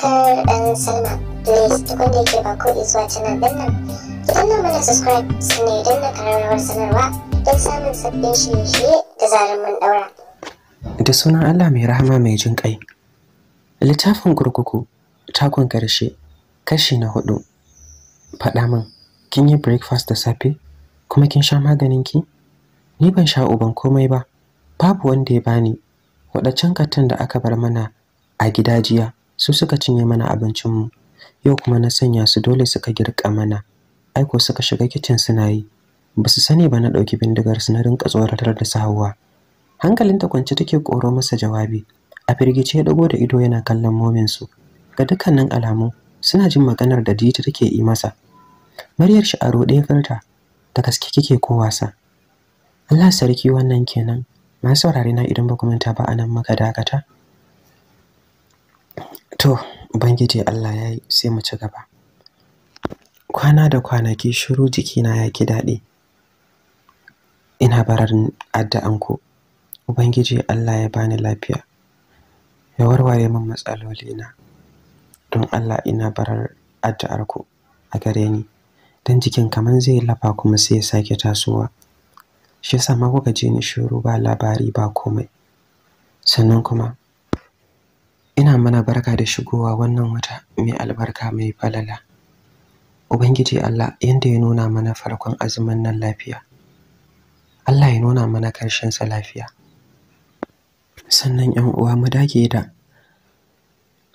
subscribe and sign up. Please tukun da yake ba ko zuwa canal din nan. Ki danna mana subscribe sannan idan na kararrawar sanarwa don samun sabbin shirye-shirye da zarar mun daura. Da sunan Allah mai rahama mai jin ƙai. Littafin kurkuku takon ƙarshe kashi na hudu. Faɗa min, kin yi breakfast da safe kuma kin sha maganin ki? Ni ban sha uban komai ba, babu wanda ya bani waɗancan katin da aka bar mana a gida jiya su suka cinye mana abincinmu yau kuma na sanya su dole suka girka mana aiko suka shiga kicin suna yi ba su sani ba na ɗauki bindigar su na rinka tsoratar da Hankalin hankalinta kwance take koro masa jawabi a firgice ya dago da ido yana kallon momin su ga dukkanin alamu suna jin maganar da dita take yi masa maryar shi a furta da gaske kike ko wasa Allah sarki wannan kenan masu saurare na idan ba ku manta ba anan maka dakata to ubangiji Allah ya yi sai mu ci gaba kwana da kwanaki shiru jikina ya ki daɗi ina barar addu'anku ubangiji Allah ya bani lafiya ya warware min matsalolina don Allah ina barar addu'arku a gare ni dan jikin kamar zai lafa kuma sai ya sake tasowa shi yasa ma kuka ji ni shiru ba labari ba komai sannan kuma ina mana barka da shigowa wannan wata mai albarka mai falala ubangiji Allah yanda ya nuna mana farkon azumin nan lafiya Allah ya nuna mana karshen sa lafiya sannan 'yan uwa mu dage da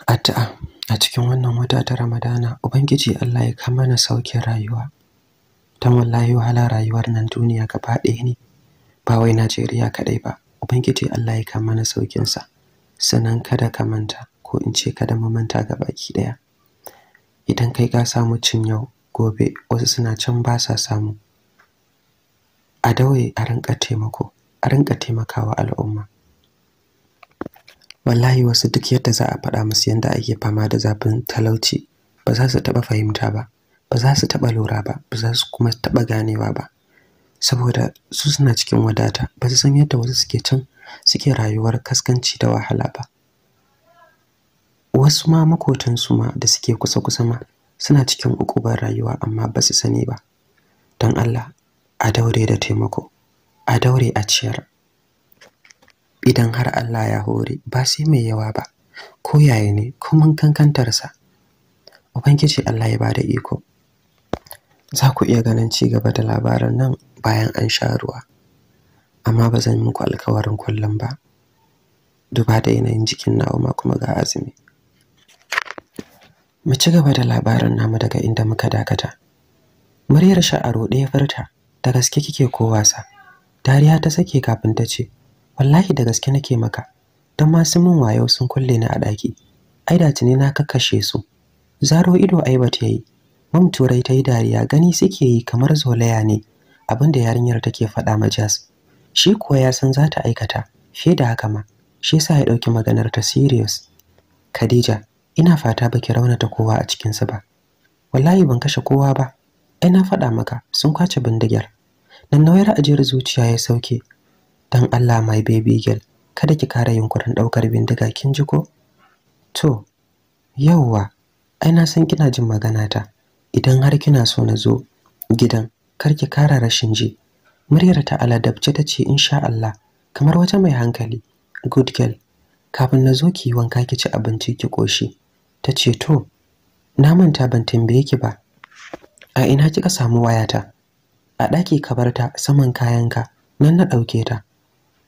addu'a a cikin wannan wata ta Ramadana ubangiji Allah ya kama na saukin rayuwa ta wallahi wahala rayuwar nan duniya gaba ɗaya ne ba wai Najeriya kaɗai ba ubangiji Allah ya kama na saukin sa sannan kada ka manta ko in ce kada ma manta ga baki ɗaya idan kai ka samu cin yau gobe wasu suna can ba sa samu a dawaye a rinka taimako a rinka taimakawa al'umma wallahi wasu duk yadda za a faɗa musu yadda ake fama da zafin talauci ba za su taɓa fahimta ba ba za su taɓa lura ba ba za su kuma taɓa ganewa ba saboda su suna cikin wadata ba su san yadda wasu suke can suke rayuwar kaskanci da wahala ba wasu ma makotansu ma da suke kusa-kusa ma suna cikin ukubar rayuwa amma ba su sani ba don Allah a daure da taimako a daure a ciyar idan har Allah ya hore ba sai mai yawa ba ko yaya ne mun kankantarsa ubangiji Allah ya bada iko za ku iya ganin ci gaba da labaran nan bayan an sha ruwa amma ba zan muku alkawarin kullum ba duba da yanayin jikin nauma kuma ga azumi mu ci gaba da labarin namu daga inda muka dakata muryar sha'aro ɗaya furta da gaske kike ko wasa dariya ta sake kafin ta ce wallahi da gaske nake maka don masu min wayo sun kulle ni a ɗaki ai da tuni na kakkashe su zaro ido ba ta yi mam turai ta yi dariya gani suke yi kamar zolaya ne abinda yarinyar take faɗa ma jas shi kuwa ya san za ta aikata fiye da haka ma shi sa ya ɗauki maganar ta sirius Khadija ina fata baki raunata kowa a cikinsu ba wallahi ban kashe kowa ba ai na faɗa maka sun kwace bindigar nan nauyar ajiyar zuciya ya sauke dan Allah mai baby girl kada ki kara yunkurin ɗaukar bindiga kin ji ko to yawwa ai na san kina jin magana ta idan har kina so na zo gidan kar ki kara rashin ji muryar ta aladabce ta ce insha Allah kamar wata mai hankali good girl kafin na zo ki wanka ki ci abinci ki ƙoshi. ta ce to na manta ban tambaye ki ba a ina kika samu wayata a ɗaki ka bar ta saman kayanka nan na ɗauke ta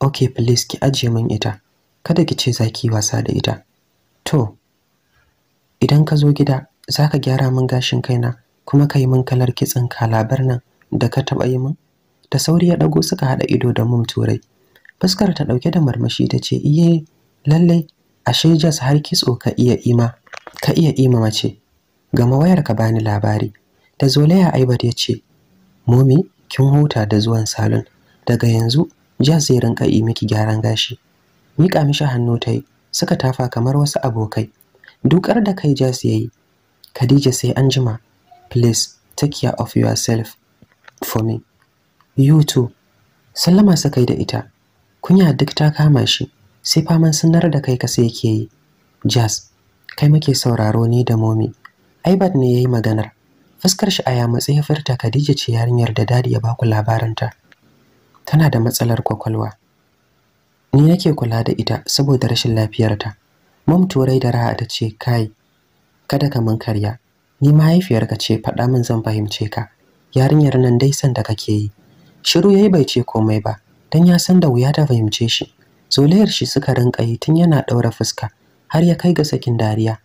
okay please ki ajiye min ita kada ki ce za ki wasa da ita to idan ka zo gida za ka gyara min gashin kaina kuma ka yi min kalar kitsin kalabar nan da ka taɓa yi min da sauri ya dago suka hada ido da mum turai fuskar ta dauke da marmashi ta ce iye lalle ashe jas har kitso ka iya ima ka iya ima mace gama wayar ka bani labari da zolaya aibar ya ce momi kin huta da zuwan salon daga yanzu jas zai rinka yi miki gyaran gashi miƙa mishi hannu ta yi suka tafa kamar wasu abokai dukar da kai jas ya yi khadija sai an jima please take care of yourself for me Yutu, sallama sallama kai da ita kunya duk ta kama shi sai faman sanar da kai ka sai ke yi jazz kai muke sauraro ni da momi aibat ne yayi maganar fuskar shi a yamutse ya furta Khadija ce yarinyar da dadi ya baku labarinta tana da matsalar kwakwalwa ni nake kula da ita saboda rashin lafiyarta mom turai da raha ta ce kai kada ka mun karya ni mahaifiyarka ce faɗa min zan fahimce ka yarinyar nan dai san da kake yi shiru ya yi bai ce komai ba don ya san da wuya ta fahimce shi zolayar shi suka rinka yi tun yana ɗaura fuska har ya kai ga sakin dariya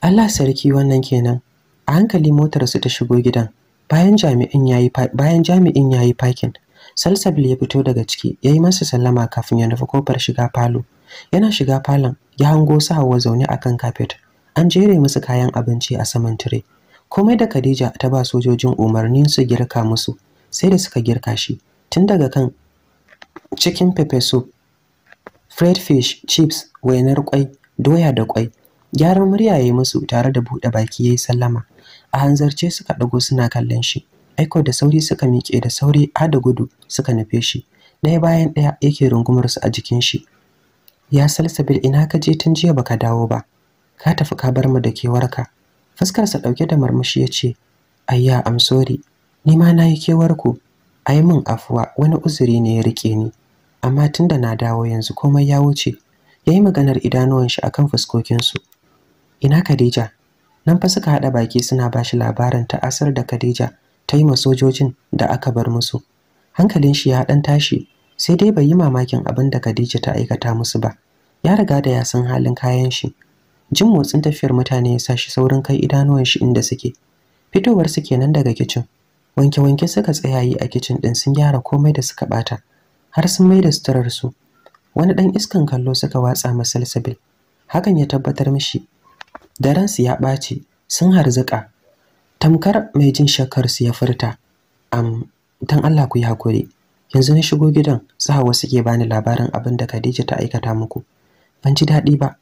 Allah sarki wannan kenan a hankali motar su ta shigo gidan bayan jami'in yayi bayan jami'in parking Salsabil ya fito daga ciki ya yi masa sallama kafin ya nufi kofar shiga falo yana shiga falon ya hango su Hauwa zaune a kan kafet an jere musu kayan abinci a saman tire komai da Khadija ta ba sojojin umarnin su girka musu sai da suka girka shi tun daga kan cikin pepper soup fried fish chips wainar kwai doya da kwai gyaran murya ya yi musu tare da buɗe baki ya yi sallama a hanzarce suka ɗago suna kallon shi aiko da sauri suka miƙe da sauri a da gudu suka nufe shi ɗaya bayan ɗaya yake rungumar su a jikin shi ya salsabil ina ka je tun jiya baka dawo ba ka tafi ka bar mu da kewarka fuskarsa ɗauke da marmashi ya ce ayya am sorry ni ma na yi kewar ku Ai yi min afuwa wani uzuri ne ya rike ni amma tun da na dawo yanzu komai ya wuce ya yi maganar idanuwan shi akan fuskokinsu ina Khadija nan fa suka haɗa baki suna ba shi labarin asar da Khadija ta yi ma sojojin da aka bar musu hankalin shi ya ɗan tashi sai dai bai yi mamakin abin da Khadija ta aikata musu ba ya riga da ya san halin kayan shi jin motsin tafiyar mutane ya sa shi saurin kai idanuwan shi inda suke fitowar su kenan daga kicin wanke-wanke suka tsaya yi a kicin ɗin sun gyara komai da suka bata, har sun mai da suturar su wani 'dan iskan kallo suka watsa masa salsabil hakan ya tabbatar mishi Daren su ya ɓaci sun harzuka tamkar mai jin shakkar su ya furta am dan Allah ku yi hakuri yanzu na shigo gidan wasu ke bani labarin abin da Khadija ta aikata muku ban ji daɗi ba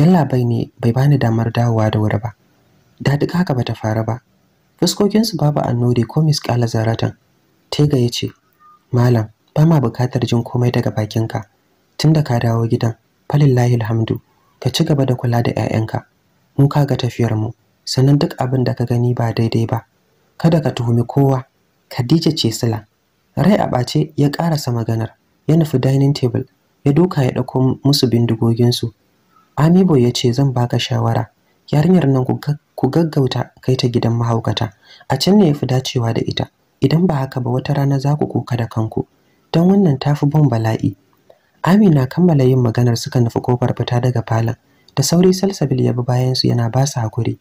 yalla bai ne bai bani damar dawowa da wuri ba dadi haka bata fara ba fuskokinsu babu annori ko miskala zaratan tega ya ce malam ba ma bukatar jin komai daga bakinka tunda ka dawo gidan falillahi alhamdu ka ci gaba da kula da 'ya'yanka mu ka ga tafiyar mu sannan duk abin da ka gani ba daidai ba kada ka tuhumi kowa Khadija ce sila rai a ɓace ya ƙarasa maganar ya nufi dining table ya duka ya ɗauko musu bindigoginsu Amibo ya ce zan baka shawara yarinyar nan ku ku gaggauta kai ta gidan mahaukata a can ne yafi dacewa da ita idan ba haka ba wata rana za ku kuka da kanku don wannan tafi bin bala'i Amina kammala yin maganar suka nufi kofar fita daga falon da sauri Salsabil ya bi bayan su yana ba su hakuri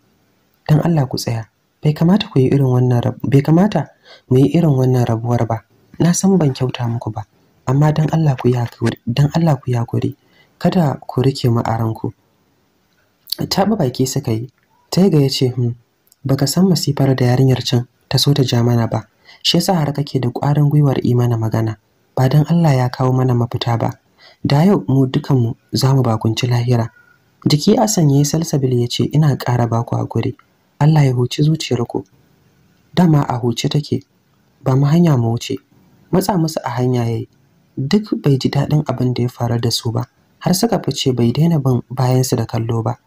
dan Allah ku tsaya bai kamata ku yi irin wannan bai kamata mu yi irin wannan rabuwar ba na san ban kyauta muku ba amma dan Allah ku yi hakuri kada ku rike mu a ranku taɓa baki suka yi taiga ya ce hmm baka san masifar da yarinyar can ta so ta ja mana ba shi yasa har kake da ƙwarin gwiwar yi magana ba don Allah ya kawo mana mafita ba da yau mu dukanmu za mu bakunci lahira jiki a ya yi salsabil ya ce ina ƙara baku haƙuri, Allah ya huci ku dama a huce take ba mu hanya mu wuce matsa musu a hanya yayi duk bai ji daɗin abin da ya faru da su ba har suka fice bai daina bin bayansu da kallo ba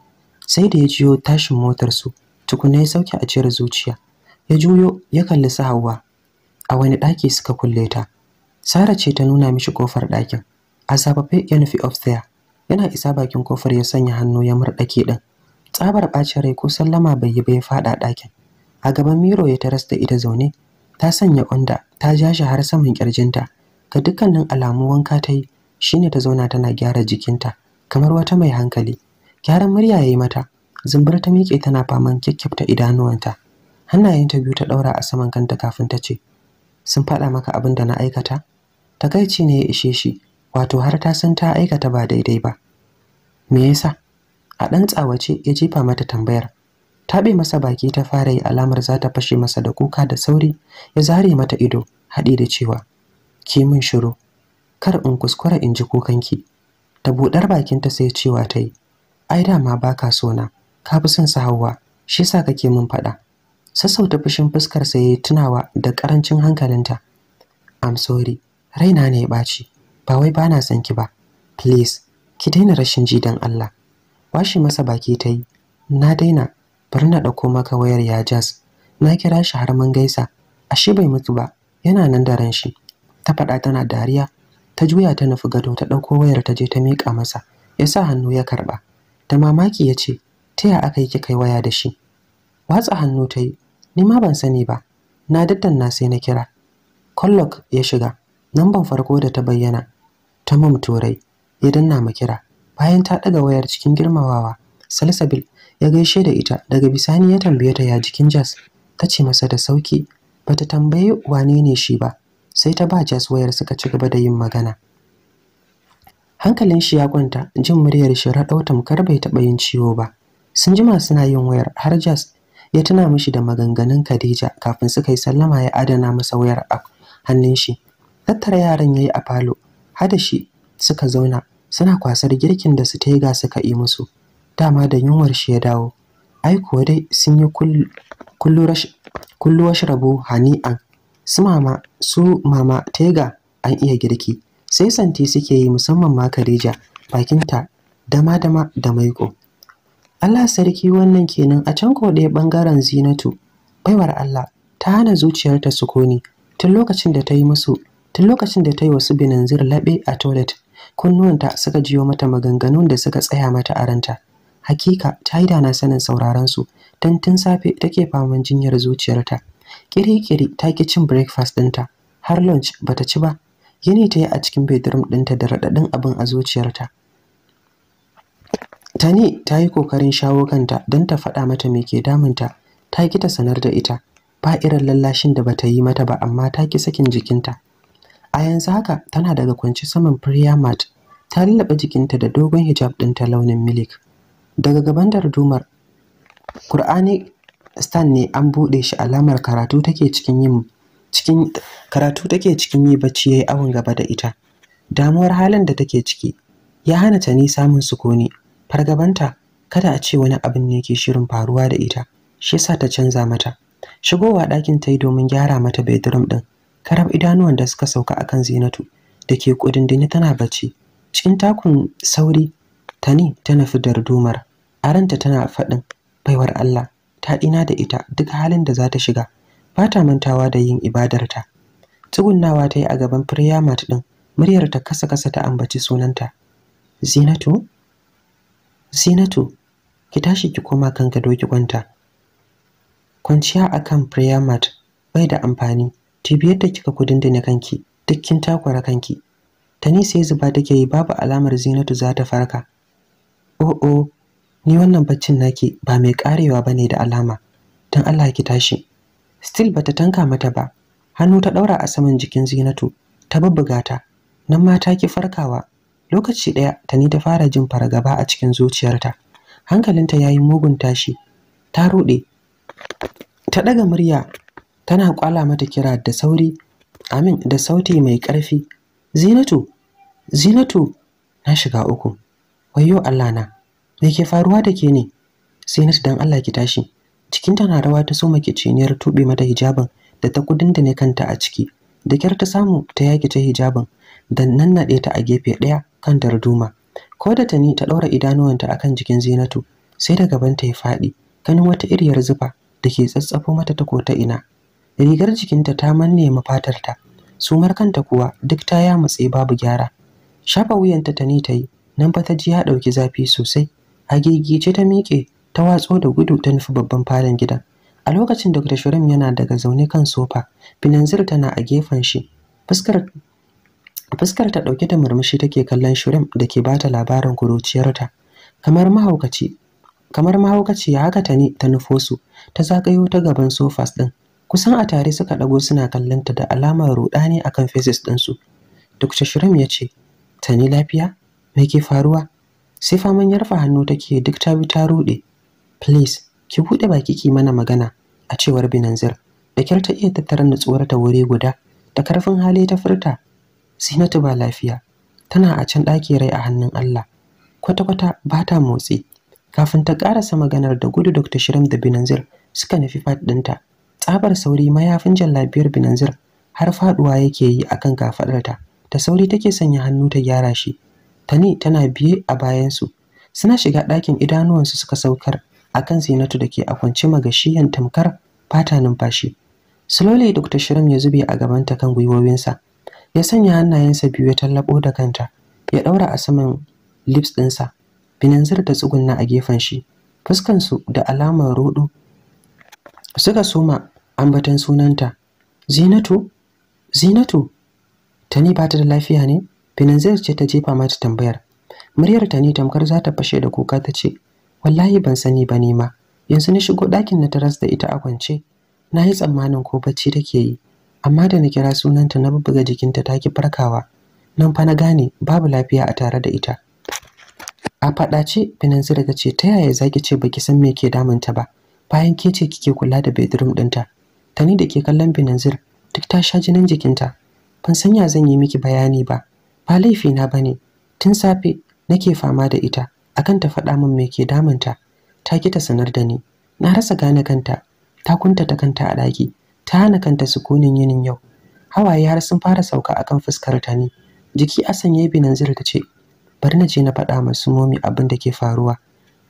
sai da ya jiyo tashin motarsu tukuna ya sauke a cire zuciya ya juyo ya kalli su hawa a wani ɗaki suka kulle ta sara ce ta nuna mishi kofar ɗakin a zafafe ya nufi there yana isa bakin kofar ya sanya hannu ya murɗake ɗin tsabar ɓacin rai ko sallama bai yi ba ya faɗa ɗakin a gaban miro ya taras da ita zaune ta sanya onda ta ja shi har saman kirjinta ga dukkanin alamu wanka ta yi shine ta zauna tana gyara jikinta kamar wata mai hankali gyaran murya ya yi mata zumbar ta miƙe tana faman kyakkyafta idanuwanta hannayenta biyu ta ɗaura a saman kanta kafin ta ce sun faɗa maka abin da na aikata takaici ne ya ishe shi wato har ta san ta aikata ba daidai ba me yasa a ɗan tsawace ya jefa mata tambayar taɓe masa baki ta fara yi alamar za ta fashe masa da kuka da sauri ya zare mata ido haɗi da cewa ki min shiru kar in kuskura in ji kukanki ta buɗar bakinta sai cewa ta yi ai dama ba ka so na ka fi son su hawa shi yasa kake min faɗa sassauta fushin fuskar sa yayi tunawa da ƙarancin hankalinta I'm sorry raina ne ya ɓaci ba wai bana son ki ba please ki daina rashin ji dan Allah Washi masa baki ta yi na daina bari na ɗauko maka wayar ya jaz na kira shi har mun gaisa ashe bai mutu ba yana nan da ran shi ta faɗa tana dariya ta juya ta nufi gado ta ɗauko wayar ta je ta miƙa masa ya sa hannu ya karɓa da mamaki ya ce ta ya aka yi kika yi waya da shi watsa hannu ta yi ni ma ban sani ba na daddan na sai na kira Kollok ya shiga namban farko da ta bayyana ta mum turai ya danna mu kira bayan ta ɗaga wayar cikin girmamawa salsabil ya gaishe da ita daga bisani ya tambaye ta ya jikin jas ta ce masa da sauki bata tambaye wane ne shi ba sai ta ba jas wayar suka ci gaba da yin magana hankalin shi ya kwanta jin muryar shi raɗau tamkar bai taɓa yin ciwo ba sun jima suna yin wayar har jas ya tuna mishi da maganganun khadija kafin suka yi sallama ya adana masa wayar a hannun shi tattara yaran ya yi a falo hada shi suka zauna suna kwasar girkin da su tega suka yi musu dama da yunwar shi ya dawo ai dai sun yi kullu rabo hani'an su mama su mama tega an iya girki sai santi suke yi musamman ma Khadija bakinta dama-dama da maiko. Allah sarki wannan kenan a can ko ɗaya ɓangaren Zinatu baiwar Allah ta hana zuciyarta sukuni tun lokacin da ta yi musu tun lokacin da ta yi wasu binanzir laɓe a toilet kunnuwanta suka jiyo mata maganganun da suka tsaya mata a ranta hakika ta yi dana sanin sauraron su tun tun safe take faman jinyar zuciyarta kiri-kiri ta ki cin breakfast ɗinta har lunch bata ci ba Yini ta yi a cikin bedroom ɗinta da raɗaɗin abin a zuciyarta. Tani ta yi ƙoƙarin shawo kanta don ta faɗa mata mai ke damunta, ta ki ta sanar da ita, ba irin lallashin da bata yi mata ba amma ta ki sakin jikinta. A yanzu haka tana daga kwanci saman prayer ta lallaɓa jikinta da dogon hijab ɗinta launin milik. Daga gaban dardumar, ƙur'ani Stan ne an buɗe shi alamar karatu take cikin yin cikin karatu take cikin yi bacci yayi awon gaba da ita damuwar halin da take ciki ya hana ta ni samun sukuni fargabanta kada a ce wani abin ne yake shirin faruwa da ita shi yasa ta canza mata shigowa ɗakin ta yi domin gyara mata bedroom ɗin karab idanuwan da suka sauka akan zinatu da ke kudindini tana bacci cikin takun sauri tani ta nufi dardumar a ranta tana faɗin baiwar allah ta ɗina da ita duk halin da za ta shiga ba ta mantawa da yin ibadarta tsugunnawa ta yi a gaban firiyamat ɗin muryar ta kasa kasa ta ambaci sunanta zinatu zinatu ki tashi ki koma kan gado ki kwanta kwanciya akan prayer bai da amfani tibiyar da kika kudin da kanki duk kin takwara kanki tani sai zuba take yi babu alamar zinatu za ta farka oh oh ni wannan baccin naki ba mai karewa bane da alama dan Allah ki tashi still bata tanka mata ba hannu ta daura a saman jikin Zinatu ta bubbuga ta nan ma ta ki farkawa lokaci daya ni ta fara jin fargaba a cikin zuciyarta hankalinta yayi mugun tashi ta rude ta daga murya tana kwala mata kira da sauri amin da sauti mai ƙarfi. Zinatu Zinatu na shiga uku wayyo Allah na me ke faruwa da ke ne Zinatu dan Allah ki tashi cikinta na rawa ta soma kiciniyar tube mata hijabin da ta kudinta ne kanta a ciki da kyar ta samu ta yake ta hijabin da nannaɗe ta a gefe ɗaya kan darduma ko da tani ta ɗaura idanuwanta akan jikin zinatu sai da gaban ta ya faɗi kanin wata iriyar zufa dake ke tsatsafo mata ta kota ina rigar jikinta ta manne mafatarta sumar kanta kuwa duk ta ya matse babu gyara shafa wuyanta tani ta yi nan fa ta ji ya ɗauki zafi sosai a gigice ta miƙe ta watso da gudu ta nufi babban falon gidan a lokacin da dr shirin yana daga zaune kan sofa finanzir tana a gefen shi fuskar fuskar ta dauke da murmushi take kallon shirin da ke bata labarin kuruciyarta kamar mahaukaci kamar mahaukaci ya haka ta ne ta nufo su ta zagayo ta gaban sofas din kusan a tare suka dago suna kallonta da alamar rudani akan faces ɗinsu. Dr. Shirin ya ce, ta ni lafiya? Me ke faruwa?" Sai faman yarfa hannu take duk ta bi ta rude. please ki buɗe baki ki mana magana a cewar binanzir da kyar ta iya tattara nutsuwar ta wuri guda da karfin hali ta furta sinatu ba lafiya tana a can ɗaki rai a hannun Allah kwata-kwata ba ta motsi kafin ta ƙarasa maganar da gudu Dr. Shirim da Binanzir suka nufi fat tsabar sauri mayafin jallabiyar Binanzir har faduwa yake yi akan kafaɗarta. da sauri take sanya hannu ta gyara shi tani tana biye a bayansu suna shiga ɗakin idanuwansu suka saukar akan Zinatu da ke a kwance magashiyan tamkar fata numfashi. Slowly Dr. Shirim ya zube a gabanta kan gwiwowinsa. Ya sanya hannayensa biyu ya tallabo da kanta, ya daura a saman lips ɗinsa. Binanzir da tsugunna a gefen shi, Fuskan su da alamar rodo. Suka soma ambatan sunanta. Zinatu? Zinatu? Tani ba ta da lafiya ne? Binanzir ce ta jefa mata tambayar. Muryar Tani tamkar za ta fashe da kuka ta ce, wallahi ban sani ba ne ma yanzu na shigo ɗakin na taras da ita a kwance na yi tsammanin ko bacci take yi amma da na kira sunanta na bubbuga jikinta ta ki farkawa nan fa na gane babu lafiya a tare da ita a faɗace finansu daga ce ta yaya zaki ce baki san me ke damun ta ba bayan ke ce kike kula da bedroom ɗinta ni da ke kallon binanzir duk ta sha jinin jikinta ban san ya zan yi miki bayani ba ba laifi na ne, tun safe nake fama da ita akan ta faɗa min me ke damunta ta ki ta sanar da ni na rasa gane kanta ta kunta ta kanta a ɗaki ta hana kanta sukunin yinin yau hawaye har sun fara sauka akan fuskar ta ni jiki a sanye binanzir ta ce bari na je na faɗa masu momi abin da ke faruwa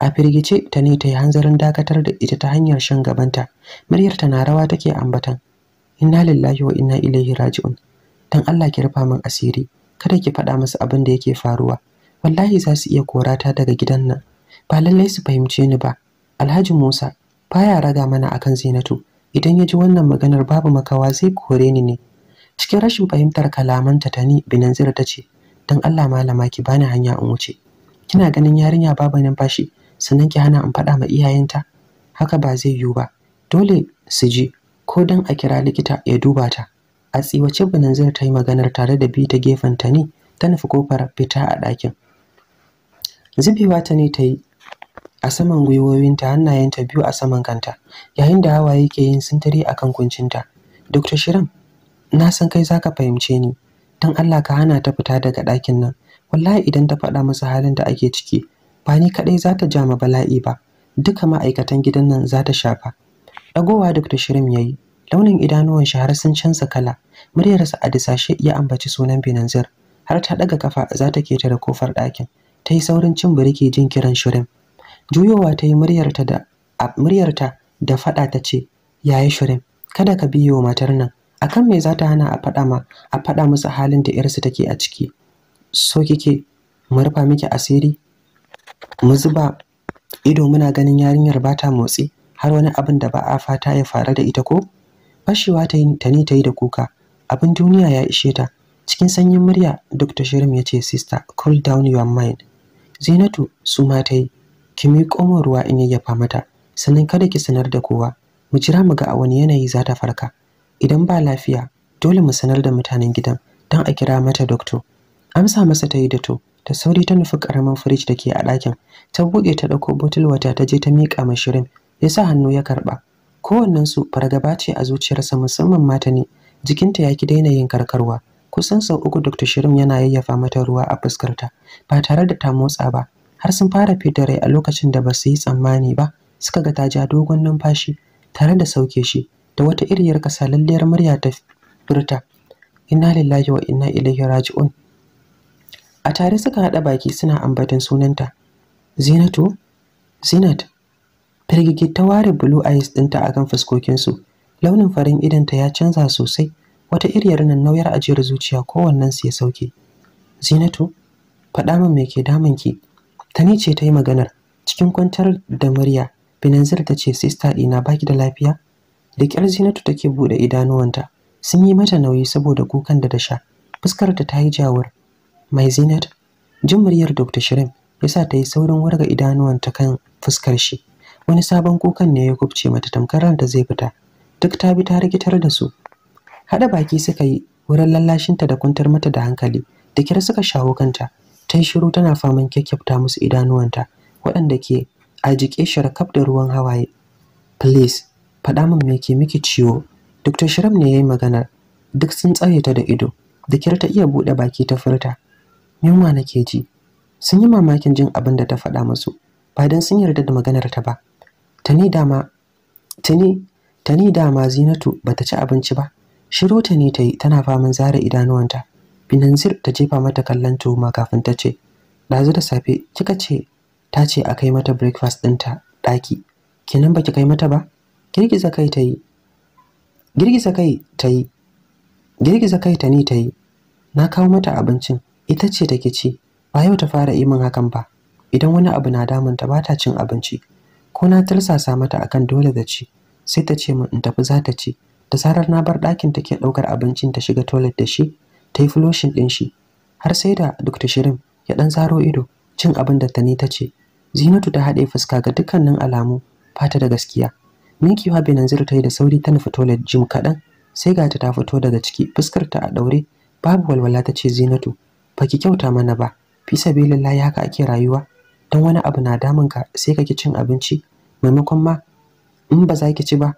a firgice ta ne ta yi hanzarin dakatar da ita ta hanyar shan gabanta muryar ta na rawa take ambatan inna lillahi wa inna ilaihi raji'un dan Allah ki rufa min asiri kada ki faɗa musu abin da yake faruwa wallahi za su iya korata daga gidan nan ba lallai su fahimce ni ba alhaji musa baya raga mana akan zinatu idan ya ji wannan maganar babu makawa zai kore ni ne cikin rashin fahimtar kalamanta ta ni binanzir ta ce don allah malama ki bani hanya in wuce kina ganin yarinya babu numfashi sannan ki hana in faɗa ma iyayenta haka ba zai yiwu ba dole su ji ko don a kira likita ya duba ta a tsiwace binanzir ta yi maganar tare da bi ta gefen ta ni ta nufi kofar fita a ɗakin zubewa ta ne ta yi a saman gwiwowinta hannayenta biyu a saman kanta yayin da hawaye ke yin sintiri a kan kuncinta dr shirin na san kai za ka fahimce ni don allah ka hana ta fita daga ɗakin nan wallahi idan ta faɗa masa halin da ake ciki ba ni kaɗai za ta ma bala'i ba duka ma'aikatan gidan nan za ta shafa ɗagowa dr shirin ya yi launin idanuwan shi har sun canza kala muryarsa a disashe ya ambaci sunan binanzir har ta ɗaga kafa za ta da kofar ɗakin ta yi saurin cin birki jin kiran shirin juyowa ta yi muryarta da faɗa ta ce yaya shirin kada ka biyo matar nan akan me za ta hana a faɗa ma a faɗa musu halin da yarsu take a ciki so kike mu rufa miki asiri mu zuba ido muna ganin yarinyar ba ta motsi har wani abin da ba a fata ya faru da ita ko fashewa ta yi ta ne ta yi da kuka abin duniya ya ishe ta cikin sanyin murya Dr. shirim ya ce sister cool down your mind Zinatu su ma ta yi, ki mai ruwa in yayyafa mata, sannan kada ki sanar da kowa. Mu jira mu ga a wani yanayi za ta farka. Idan ba lafiya, dole mu sanar da mutanen gidan don a kira mata doktor. Amsa masa ta yi da to, da sauri ta nufi ƙaramin firij da ke a ɗakin. Ta buɗe ta ɗauko botul wata ta je ta miƙa ma Shirin, ya sa hannu ya karɓa. Kowannensu fargaba ce a zuciyarsa musamman mata ne, jikinta ya ki daina yin karkarwa. kusan sau uku Dr. Shirim yana yayyafa mata ruwa a fuskarta ba tare da ta motsa ba har sun fara fidda rai a lokacin da ba su yi tsammani ba suka ga ta ja dogon numfashi tare da sauke shi da wata iriyar kasalalliyar murya ta furta inna lillahi wa inna ilaihi raji'un a tare suka haɗa baki suna ambaton sunanta zinatu zinat firgigi ta ware blue eyes dinta akan fuskokinsu launin farin idanta ya canza sosai wata iriyar nan nauyar ajiyar zuciya kowannen su ya sauke zinatu faɗa min me ke damun ki tani ce ta yi maganar cikin kwantar da murya binanzir ta ce sista ɗina baki da lafiya da ƙyar zinatu take buɗe idanuwanta sun yi mata nauyi saboda kukan da ta sha fuskar ta ta yi jawar mai zinat jin muryar dr shirin ya sa ta yi saurin warga idanuwanta kan fuskar shi wani sabon kukan ne ya kubce mata tamkar da zai fita duk ta bi ta rikitar da su haɗa baki suka yi wurin lallashinta da kwantar mata da hankali da kira suka shawo kanta ta shiru tana faman kyakkyafta musu idanuwanta waɗanda ke a jike sharkaf da ruwan hawaye please faɗa min me ke miki ciwo dr shiram ne ya yi maganar duk sun tsaye ta da ido da kira ta iya buɗe baki ta furta yunwa nake ji sun yi mamakin jin abin da ta faɗa musu ba don sun yarda da maganar ta ba tani dama tani tani dama zinatu bata ci abinci ba Shiru ta ne ta yi tana faman zara idanuwanta. Binanzir ta jefa mata kallon tuhuma kafin ta ce, ɗazu da safe kika ce ta ce a kai mata breakfast ɗinta ɗaki. Kenan baki kai mata ba? Girgiza kai ta yi. Girgiza kai ta yi. Girgiza kai ta ni ta yi. Na kawo mata abincin, ita ce take ci, ba yau ta fara yi min hakan ba. Idan wani abu na damunta ba ta cin abinci, ko na tursasa mata akan dole da ci, sai ta ce min in tafi za ta ci. da zarar na bar ɗakin ta ke ɗaukar abincin ta shiga toilet da shi ta yi floshin ɗin shi har sai da Dr. Shirin ya ɗan zaro ido cin abin da Tani ta ce Zinatu ta haɗe fuska ga dukkanin alamu fata da gaskiya minkiwa Benanzir ta yi da sauri ta nufi toilet jim kaɗan sai ga ta fito daga ciki fuskar ta a ɗaure babu walwala ta ce Zinatu Ba ki kyauta mana ba fi sabilillahi haka ake rayuwa Don wani abu na damun ka sai kake cin abinci maimakon ma in ba za ki ci ba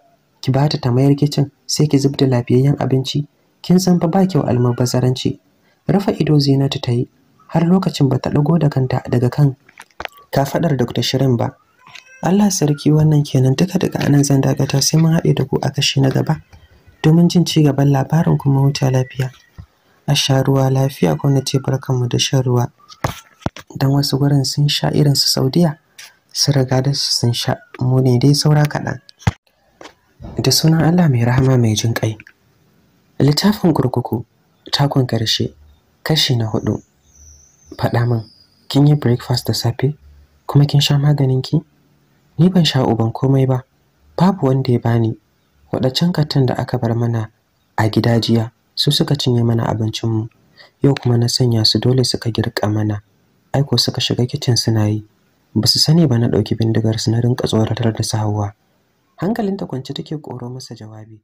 ki ba ta mayar kicin sai ki zubda lafiyayyen abinci kin san fa ba kyau almubazaranci rafa ido zinatu ta yi har lokacin ba ta ɗago da kanta daga kan kafaɗar dr shirin ba allah sarki wannan kenan duka daga anan zan dakata sai mun haɗe da ku a kashi na gaba domin jin ci gaban labarin kuma huta lafiya a sha ruwa lafiya ko na ce barkanmu da shan ruwa don wasu gurin sun sha irin su saudiya sun riga da sun sha mu ne dai saura kaɗan da sunan Allah mai rahama mai jin ƙai. Littafin kurkuku, takon ƙarshe, kashi na hudu. Faɗa min, kin yi breakfast da safe, kuma kin sha maganin ki? Ni ban sha uban komai ba, babu wanda ya bani. Waɗancan katan da aka bar mana a gida jiya, su suka cinye mana abincin mu Yau kuma na sanya su dole suka girka mana, aiko suka shiga kicin suna yi. Ba su sani ba na ɗauki bindigar su na rinka tsoratar da su Hauwa. hankalinta kwance take koro masa jawabi